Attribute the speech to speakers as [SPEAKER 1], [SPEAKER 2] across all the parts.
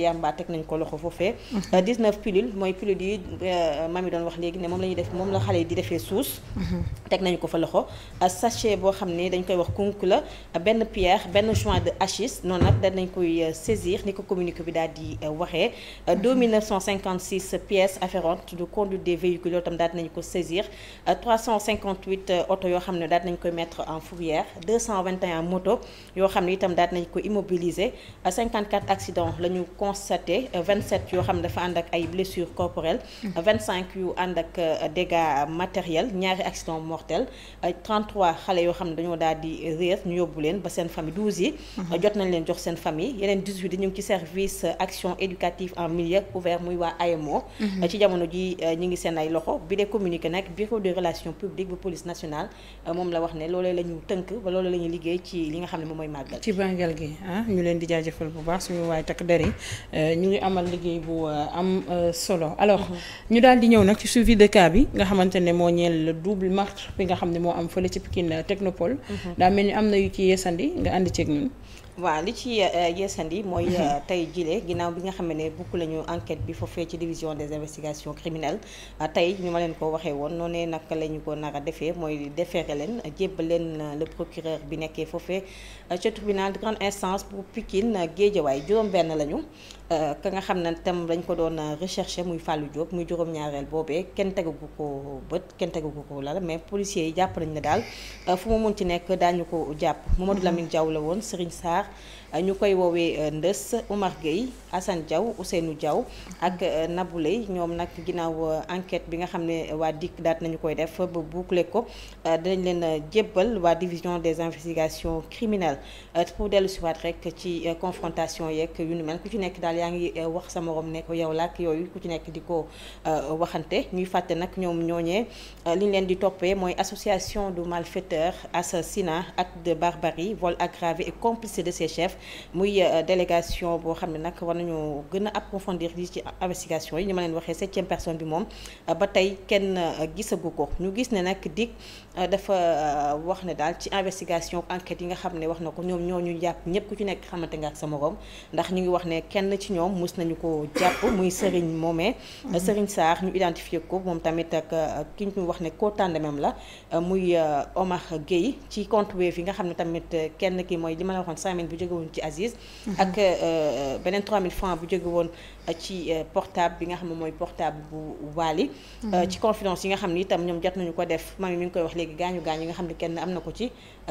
[SPEAKER 1] yamba teg nañ ko loxo foofee 19 mhm. euh, pilules mooy pilules yi euh, mami doon wax léegi ne moom la ñuy def moom la xale yi di defee suus mhm. teg nañu ko fa loxo euh, sachet boo xam ne dañ koy wax kunk la benn pierre benn joint de hachis noonu nag danañ koy saisir ni ko communiqué bi daal di waxee 2956 mhm. pièces afférentes de conduite des véhicules yoo tam daal nañ ko saisir 358 auto yoo xam ne daal nañ koy mettre en fourrière 221 moto yoo xam ne itam daal nañ ko immobiliser 54 accidents lañu constaté 27 euh, yoo xam ne dafa ànd ak ay blessures corporelles 25 mm. euh, yu ànd ak euh, dégâts matériels ñaari accident mortel 33 xale yoo xam ne dañoo daal di réer ñu yóbbu leen ba seen famille 12 yi mm-hmm. jot nañ leen jox seen famille yeneen 18 ñu ngi mm-hmm. ji ñu ngi seen ay loxo bi dee communiqué nag bureau de relations publiques bu police nationale moom la wax ne loolee la tënk ba loolee la liggéey ci li nga xam ne moom mooy màggal
[SPEAKER 2] ci bàngal gi ah, ñu leen di jaajëfal Euh, ñu ngi amal liggéey bu euh, am euh, solo alors ñu daal di ñëw nag ci suivi de cas bi nga xamante ne moo ñeel le double meurtre bi nga xam ne moo am fële ci Pikine Technopole mhm. daa mel ni am na yu ci yeesandi nga ànd ceeg ñun
[SPEAKER 1] waaw li ci euh, yeesandi mooy euh, tey jile ginnaaw bi nga xam ne bukk lañu enquête bi foofee ci division des investigations criminelles euh, tey ñu ma leen ko waxee woon noonee nag la ñu ko nar defee mooy defeere leen jébbal leen le procureur bi nekkee foofee ca tribunal de instance bu Pikine Guédiawaye juróom-benn lañu ka nga xam ne tam dañ ko doon recherché muy Fallou Diop muy juróom-ñaareel boobee kenn tegu ko bët kenn tegu ko lal mais policiers yi jàpp nañ ne daal euh, fu mu mun ci nekk daañu ko jàpp mhm. Mamadou Lamine Diaw la woon Serigne Sarr euh, ñu koy woowee euh, Ndës Omar Gueye Assane Diaw Ousseynou Diaw ak Naboulay ñoom nag ginnaaw enquête bi nga xam ne waa DIC daat nañu koy def ba boucler ko dinañ leen jébbal waa division des investigations yaa ngi eh, wax sa morom ne ko yow laak yooyu ku ci nekk di ko eh, waxante ñuy fàtte nag ñoom ñooñee eh, li ñu leen di toppee mooy association de malfaiteurs assassinat acte de barbarie vol aggravé et complice de ses chefs muy délégation boo xam ne nag war nañu gën a approfondir li ci investigation yi ni ma leen waxee septième personne bi moom ba tey kenn gisagu ko ñu gis ne nag dig dafa wax ne daal ci investigation enquête yi nga xam ne wax na ko ñoom ñoo ñu jàpp ñëpp ku ci nekk xamante nga ak sa morom ndax ñu ngi wax ne kenn ci ñoom mus nañu ko jàpp muy Serigne Momé. Mhm. Serigne Sarr ñu identifié ko moom tamit ak ki ñu wax ne ko tàndemam la muy euh, Omar Gueye ci compte Wave yi nga xam ne tamit kenn ki mooy li ma la waxoon 5000 bu jóge ci Aziz. Mhm. ak euh, beneen 3000 francs bu jóge woon ci euh, portable bi nga xam ne mooy portable bu Wally. Mhm. ci confidence yi nga xam ne itam ñoom jot nañu ko def mami mi ngi koy wax léegi gaañu gaañ yi nga xam ne kenn am na ko ci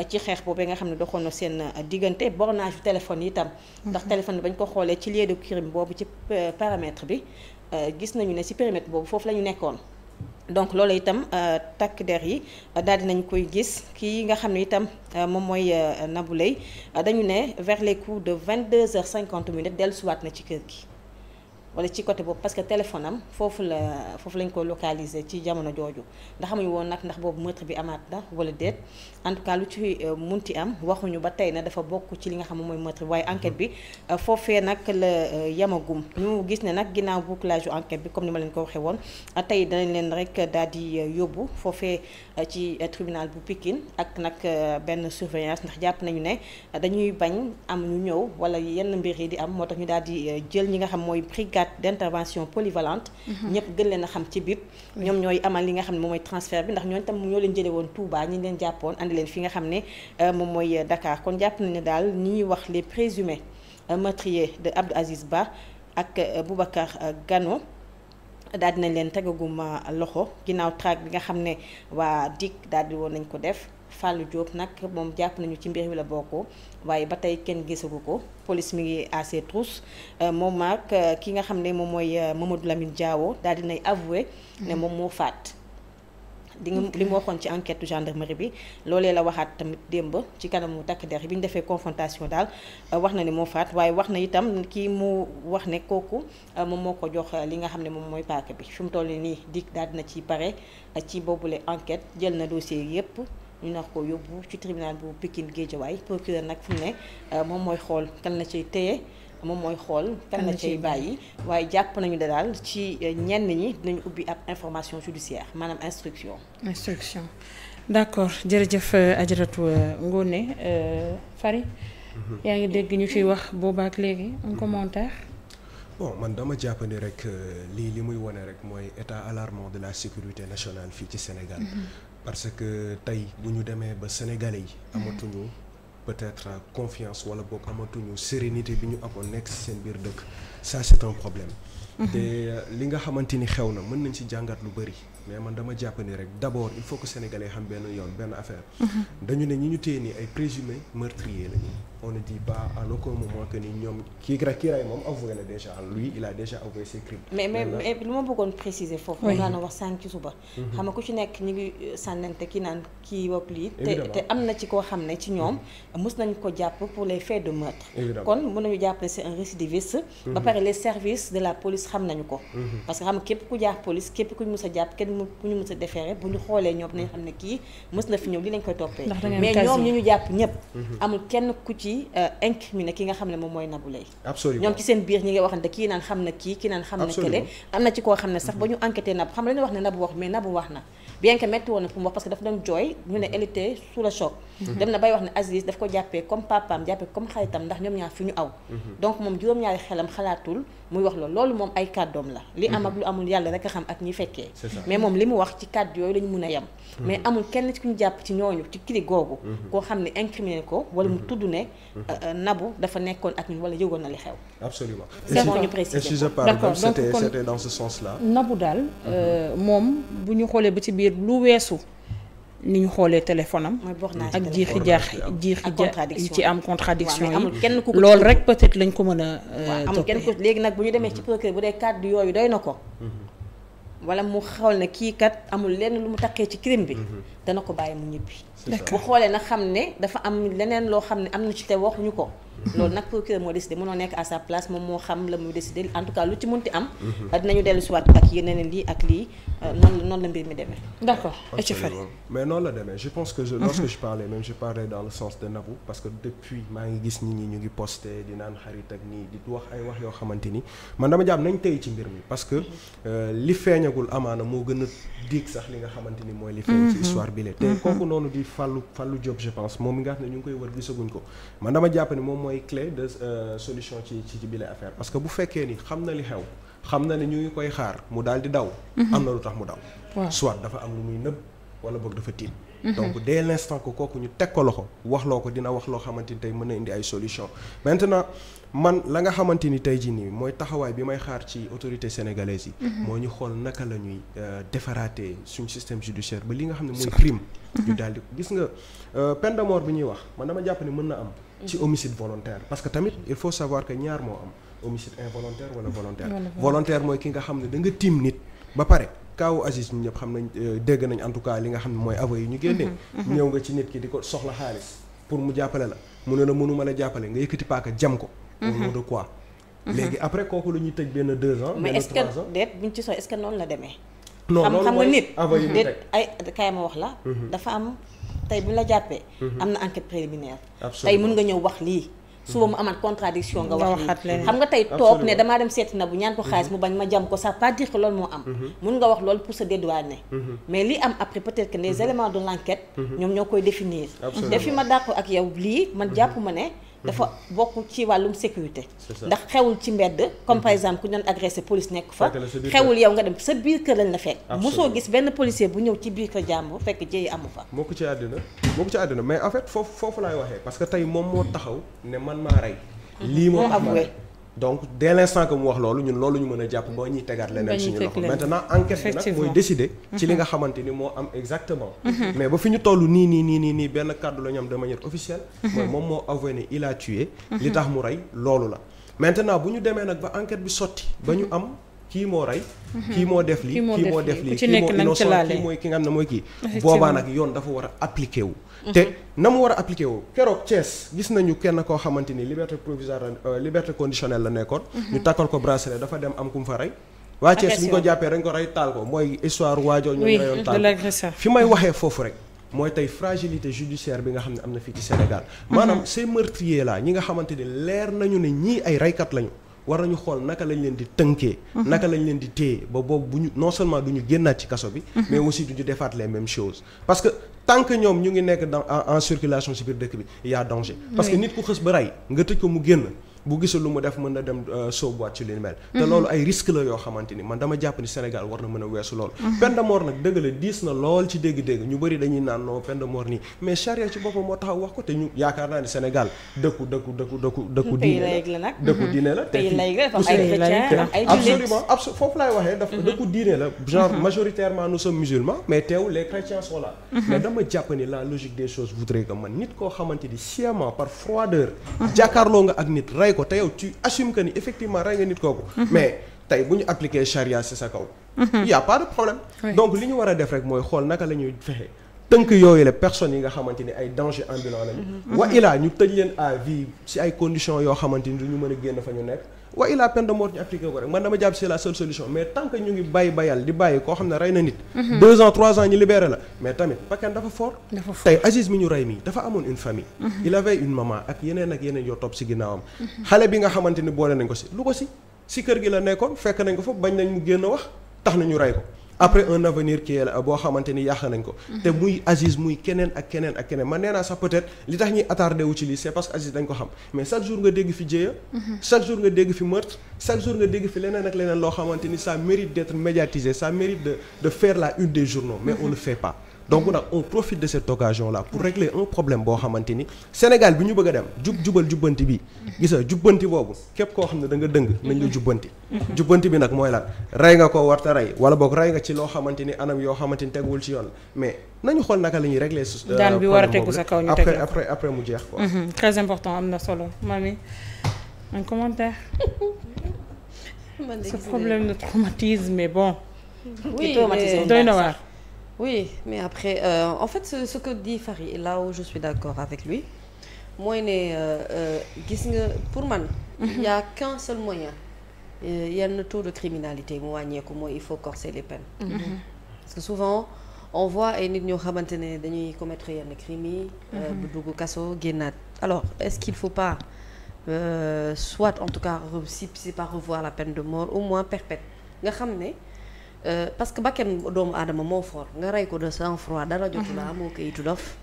[SPEAKER 1] ci xeex boobee nga xam ne doxoon na seen diggante bornage téléphone yi itam. ndax téléphone crime boobu ci euh, paramètre bi euh, gis nañu ne ci périmètre boobu foofu lañu nekkoon donc loolu itam euh, takk der yi daal dinañ koy gis kii nga xam ne itam moom mooy Nabou Leye dañu ne vers les coups de 22 heures 50 minutes dellusiwaat na ci kër gi. wala ci côté boobu parce que téléphone am foofu la foofu lañ ko localiser ci jamono jooju ndax woon nag ndax boobu meurtre bi amaat na wala déet en tout cas lu ci euh, mun ti am waxuñu ba tey na dafa bokk ci li nga xam mooy meurtre waaye enquête bi euh, foofee nag la euh, yamagum gis ne nag ginnaaw bouclage yu bi comme ni ma leen ko waxee woon tey danañ leen rek daal di yóbbu foofee ci tribunal bu Pikine ak nag benn surveillance ndax jàpp nañu ne dañuy bañ am ñu ñëw wala yenn mbir yi di am moo tax ñu daal di jël ñi nga xam mooy brigade brigade d' intervention polyvalente mhm. ñëpp gën leen a xam ci BIP ñoom ñooy amal li nga xam ne moom mooy transfert bi ndax ñooñu tam ñoo leen jële woon Touba ñi leen jàppoon andi leen fi nga xam ne euh, moom mooy euh, Dakar kon jàpp nañu ne daal ñi ñuy wax les présumés euh, meurtriers de Abdou Aziz Ba ak Boubacar Gano daal dinañ leen tegaguma loxo ginnaaw traque bi nga xam ne waa DIC daal di woon nañ ko def fàll Diop nag moom jàpp nañu ci mbir wi la bokk waaye ba tey kenn gisagu ko police mi ngi à ses trousses euh, moom ak euh, ki nga xam ne moom mooy euh, Mamadou Lamine Diawo daal dinay avoué
[SPEAKER 2] mm-hmm. ne moom
[SPEAKER 1] moo faat di li mu waxoon ci enquête gendarmerie bi loolee la waxaat tamit démb ci kanamu takk der bi ñu defee confrontation daal wax na ne moo faat waaye wax na itam kii mu wax ne kooku moom moo ko jox li nga xam ne moom mooy paaka bi fi mu toll nii dikk daal dina ci pare ci boobule enquête jël na dossier yépp ñu nar ko yóbbu ci tribunal bu Pikine Guédiawaye procureur nag fu mu ne euh, moom mooy xool kan la ciy téye moom mooy xool kan na ciy bàyyi waaye jàpp nañu de daal ci euh, ñenn ñi dinañu ubbi ab information judiciaire maanaam instruction.
[SPEAKER 2] instruction d' accord jërëjëf euh, Ajaratu Ngoné Fari. Mm-hmm. yaa ngi dégg ñu ciy wax boobaak léegi un commentaire.
[SPEAKER 3] bon man dama jàpp ni rek euh, lii li muy wane rek mooy état alarmant de la sécurité nationale fii ci Sénégal. Mhm. parce que tey bu ñu demee ba sénégalais yi. Mhm. amatuñu peut-être euh, confiance wala boog amatuñu sérénité bi ñu amoon nekk ci seen biir dëkk ça c'est un problème. te mhm. li nga xamante ni xew na mën nañ ci jàngat lu bari mais man dama jàpp ni rek d'abord il faut que sénégalais xam benn yoon benn affaire. Mhm. dañu ne ñu la ñu. on ni ñoom kii rek kii déjà
[SPEAKER 1] a am na ci koo xam ne ci ñoom mhm. mës nañ ko jàpp pour les faits de meurtre. kon mën nañu jàpp ne c'est un récidiviste. ba pare les services de la police. xam nañu ko mhm. parce que xam képp ku jaax police képp ku ñu mës a jàpp kenn ku ñu mës a defeere bu ñu xoolee ñoom nañ xam ne kii mës na fi ñëw li lañ koy toppee mais ñoom ñu ñu ñëpp mhm. kenn ku ci euh, incriminé ki nga xam ne moom mooy Nabou Leye ñoom ci seen biir ñi ngay waxante kii naan xam na kii kii naan xam na kële am na ci koo xam ne sax mhm. ba ñu enquêté Nabou xam la ñu wax ne Nabou wax mais Nabou wax na bien que woon na pour mu wax parce que dafa doon jooy ñu ne elle était sous le Mm-hmm. dem na bay wax ne Aziz daf ko jàppee comme papaam jàppee comme xaritam ndax ñoom ñaar fi ñu aw mm-hmm. donc moom juróom-ñaari xelam xalaatul muy wax loolu loolu moom ay kàddoom la li am ak mm-hmm. lu amul yàlla rek xam ak ñi fekkee mais moom li mu wax ci kàddu yooyu lañu mun a yem mais amul kenn ci ku ñu jàpp ci ñooñu ci kili googu koo xam ne incriminé ko wala mu tudd ne euh, euh, Nabou dafa nekkoon ak ñun wala yëgoon na li xew
[SPEAKER 2] absolument
[SPEAKER 3] c'est bon ñu préciser d'accord donc c'était dans ce sens là
[SPEAKER 2] daal euh, moom bu ñu xoolee ba ci biir lu weesu ni ñu xoolee téléphone am ak jiixi jaax jiixi jaax yi ci am contradiction yi lool rek peut lañ ko mën a euh, amul kenn ko
[SPEAKER 1] léegi nag bu ñu demee ci mm-hmm. procureur bu dee kàddu yooyu doy na ko mm-hmm. wala mu xool na kii kat amul lenn lu mu taqee ci crime bi mm-hmm. dana ko bàyyi mu ñibbi. bu xoolee na xam ne dafa am leneen loo xam ne am na ci te waxuñu ko. Mhm. loolu nag procureur moo décidé mënoo nekk à sa place moom moo xam la muy décidé en tout cas lu ci mënti am. Mhm. dinañu lii ak lii euh, noonu noonu la mbir
[SPEAKER 3] mais noonu la demee pense que je, mhm. lorsque je parlais ngi gis nit ñi ngi posté di naan xarit ak nii ay wax yoo xamante ni man dama jàpp nañ tey ci mbir mi parce que euh, li feeñagul amaana moo gën a diig sax li nga xamante ni mooy li feeñ ci histoire bi la. te mhm. kooku noonu di Fallou Fallou Diop je pense moom mi nga xam ne ñu ngi koy wër gisaguñ ko man dama jàpp ni moom mooy clé de euh, solution ci ci bi affaire parce que bu fekkee ni xam na li xew xam na ne ñu ngi koy xaar mu daal di daw. Mhm. am na lu tax mu daw. soit dafa am lu muy nëb wala boog dafa tiit. Mm-hmm. donc dès l' instant kooku ñu teg ko loxo wax loo ko dina wax loo xamante ni tey mën na indi ay solution maintenant man la nga xamante ni tey jii nii mooy taxawaay bi may xaar ci autorité sénégalaise yi mm-hmm. moo ñu xool naka la ñuy euh, defaraatee suñ système judiciaire ba li nga xam ne mooy crime mm-hmm. ñu daal di gis nga euh, pen de mort bi ñuy wax man dama jàpp ne mën na am ci homicide volontaire parce que tamit il faut savoir que ñaar moo am homicide involontaire wala volontaire volontaire mooy ki nga xam ne da nga tiim nit ba pare kaawu Aziz ñun ñëpp xam nañ euh, dégg nañ en tout cas li nga xam ne mooy aveux yi ñu génnee. Mm-hmm, mm-hmm. ñëw nga ci nit ki di ko soxla xaalis pour mu jàppale la mu ne la mënu ma la jàppale nga yëkkati paaka jam ko. au mm-hmm. nom de quoi. léegi après kooku la ñuy tëj benn deux ans. mais est-ce
[SPEAKER 1] buñ ci soxla est noonu la demee.
[SPEAKER 3] non loolu xam nga nit déet
[SPEAKER 1] ay kaay ma wax la. dafa am tey bu la jàppee. am na enquête préliminaire. tey mën nga ñëw wax lii. suba mu amaat contradiction nga wax lii xam nga tey toog ne damaa dem seeti na bu ñaan ko xaalis mu bañ ma jam ko ça pas dire que moo am mhm. mun nga wax loolu pour se dédouaner mhm. mais li am après peut-être que les mhm. éléments de l'enquête ñoom ñoo koy définir te fi ma dàqu ak yow lii man jàpp ma ne dafa bokk ci wàllum sécurité ndax xewul ci mbedd comme mhm. par exemple ku ñu doon agressé police nekk fa xewul yow nga dem sa biir kër lañ la fekk mosoo gis benn policier bu ñëw ci biir kër jàmbur fekk jéyi amu fa
[SPEAKER 3] moo ko ci àddina moo ko ci àddina mais en fait foofu foofu laay waxee parce que tey moom moo taxaw ne man maa rey mhm. lii moo am donc de l'instant que mu wax loolu ñun loolu ñu mën a jàpp ba ñuy tegaat leneen suñu loxo maintenant enquête bi nag mooy décider ci li nga mhm. xamante ni moo am exactement mhm. Mhm. mais ba fi ñu toll nii nii nii nii nii benn kàddu la ñu am de officielle moom moo avoué ne il a li tax mu rey loolu la maintenant bu ñu demee nag ba enquête bi sotti ba ñu am kii moo rey. Mhm. kii moo def lii kii moo def lii kii moo innocent kii mooy ki nga xam ne mooy kii. boobaa nag yoon dafa war a appliqué wu. Mhm. te na mu war a appliqué wu keroog Thiès gis nañu kenn koo xamante ni liberté provisoire euh, liberté conditionnelle la nekkoon. Mhm. ñu takkal ko bracelet dafa dem am ku fa rey. waa Thiès bu ñu ko jàppee dañ ko rey taal ko mooy histoire waajoo ñu reyoon taal fi may waxee foofu rek. mooy tey fragilité judiciaire bi nga xam ne am na fii ci Sénégal. maanaam ces meurtriers là ñi nga xamante ni leer nañu ne ñii ay reykat lañu. war nañu xool naka lañ leen di tënkee. Mhm. naka lañ leen di téye ba boobu bu ñu non seulement du ñu génnaat ci kaso bi. Mhm. mais aussi du ñu defaat les mêmes choses parce que tant que ñoom ñu ngi nekk dans en circulation ci biir dëkk bi y a danger. parce que nit ku xës ba rey nga tëj ko mu génn. bu gisul lu mu def mën na dem euh, sóobuwaat ci li mel. te mhm. loolu ay risque la yoo xamante ni man dama jàpp ni Sénégal war na mën a weesu loolu. Mhm. peine de mort nag dëgg la diis na lool ci dégg-dégg ñu bëri dañuy naan non peine de mort nii mais charia ci boppam moo taxaw wax ko te ñu yaakaar naa ne Sénégal dëkku dëkku dëkku dëkku. dëkku diine la dëkku mhm. diine la. tey laïc la dafa ay chrétien ay absolument foofu laay waxee dafa dëkku diine la genre majoritairement nous sommes musulmans mais teew les chrétiens sont là. mais dama jàpp ni la logique des choses voudrait que man nit koo xamante ni sciemment par froideur jàkkaarloo nga ak nit rey ko te yow tu assumes que ni effectivement rey nga nit kooku. Mhm. mais tey bu ñu appliquer charia ci sa kaw. il mhm. y de problème. donc li ñu war a def rek mooy xool naka la ñuy fexe. tënk yooyu la personne yi nga xamante ni ay danger ambulant lañu. Mhm. wa ilaa ñu tëj leen à si ay conditions yoo xamante ni du ñu mën a génn fa ñu nekk. wa illaa peine de mort ñu appliqué ko rek man dama jàpp c'est la seule solution mais tant que ñu ngi bàyyi bayal di bàyyi koo xam ne rey na nit. Mhm. deux ans trois ans ñu libéré la mais tamit bakkan dafa fort. dafa fort mi ñu rey mii dafa amoon une famille. Mhm. il avait une maman ak yeneen ak yeneen yoo topp si ginnaawam. Mhm. xale bi nga xamante ni boole nañ ko si lu ko si si kër gi la nekkoon fekk nañ ko fa bañ nañ mu génn wax tax na ñu rey ko. après un avenir qui est là boo xamante ni yàq nañ ko. te muy Aziz muy keneen ak keneen ak keneen man nee naa sax peut li tax ñuy attardé wu ci lii c'est parce que Aziz dañ ko xam mais chaque jour nga dégg fi jéeya. Mm-hmm. chaque jour nga dégg fi meurtre chaque jour nga dégg fi leneen ak leneen loo xamante ni ça mérite d'être médiatisé ça mérite de de la une des journaux mais mm-hmm. on fait pas. donc nag on profite de cette occasion là pour régler un problème boo xamante ni Sénégal bi ñu bëgg a dem jubal jubbanti bi gis nga jubbanti boobu képp koo xam ne da nga dëng nañ la jubbanti jubbanti bi nag mooy lan rey nga ko warta rey wala boog rey nga ci loo xamante ni anam yoo xamante ni teguwul ci yoon mais nañu xool naka la ñuy régler euh, daan bi war a tegu sa kaw ñu teg après après après mu jeex quoi
[SPEAKER 2] mhm, na solo mami un commentaire ce problème de traumatisme mais bon oui doy na waar
[SPEAKER 1] oui mais après euh, en fait ce, ce que dit Fary là où je suis d'accord avec lui mooy ne euh, euh, gis nga pour man mhm. y a qu'un seul moyen euh, yenn taux de criminalité mu wàññeeku mooy il faut corser les peines mhm. Mhm. parce que souvent on voit ay nit ñoo xamante ne dañuy commettre yenn crimes yi bu dugg kaso génnaat alors est-ce qu'il faut pas soit en tout cas si c'est pas revoir la peine de mort au moins perpète nga xam ne Euh, parce que bakken doomu aadama moo foor nga rey ko de sang-froid dara jotu la mhm. amoo kayitu dof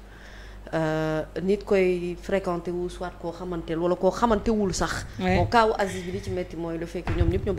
[SPEAKER 1] euh, nit koy fréquenté wu soit koo xamante wala koo xamantewul sax. bon kaawu Aziz bi li ci métti mooy le fekk ñoom ñëpp ñoom.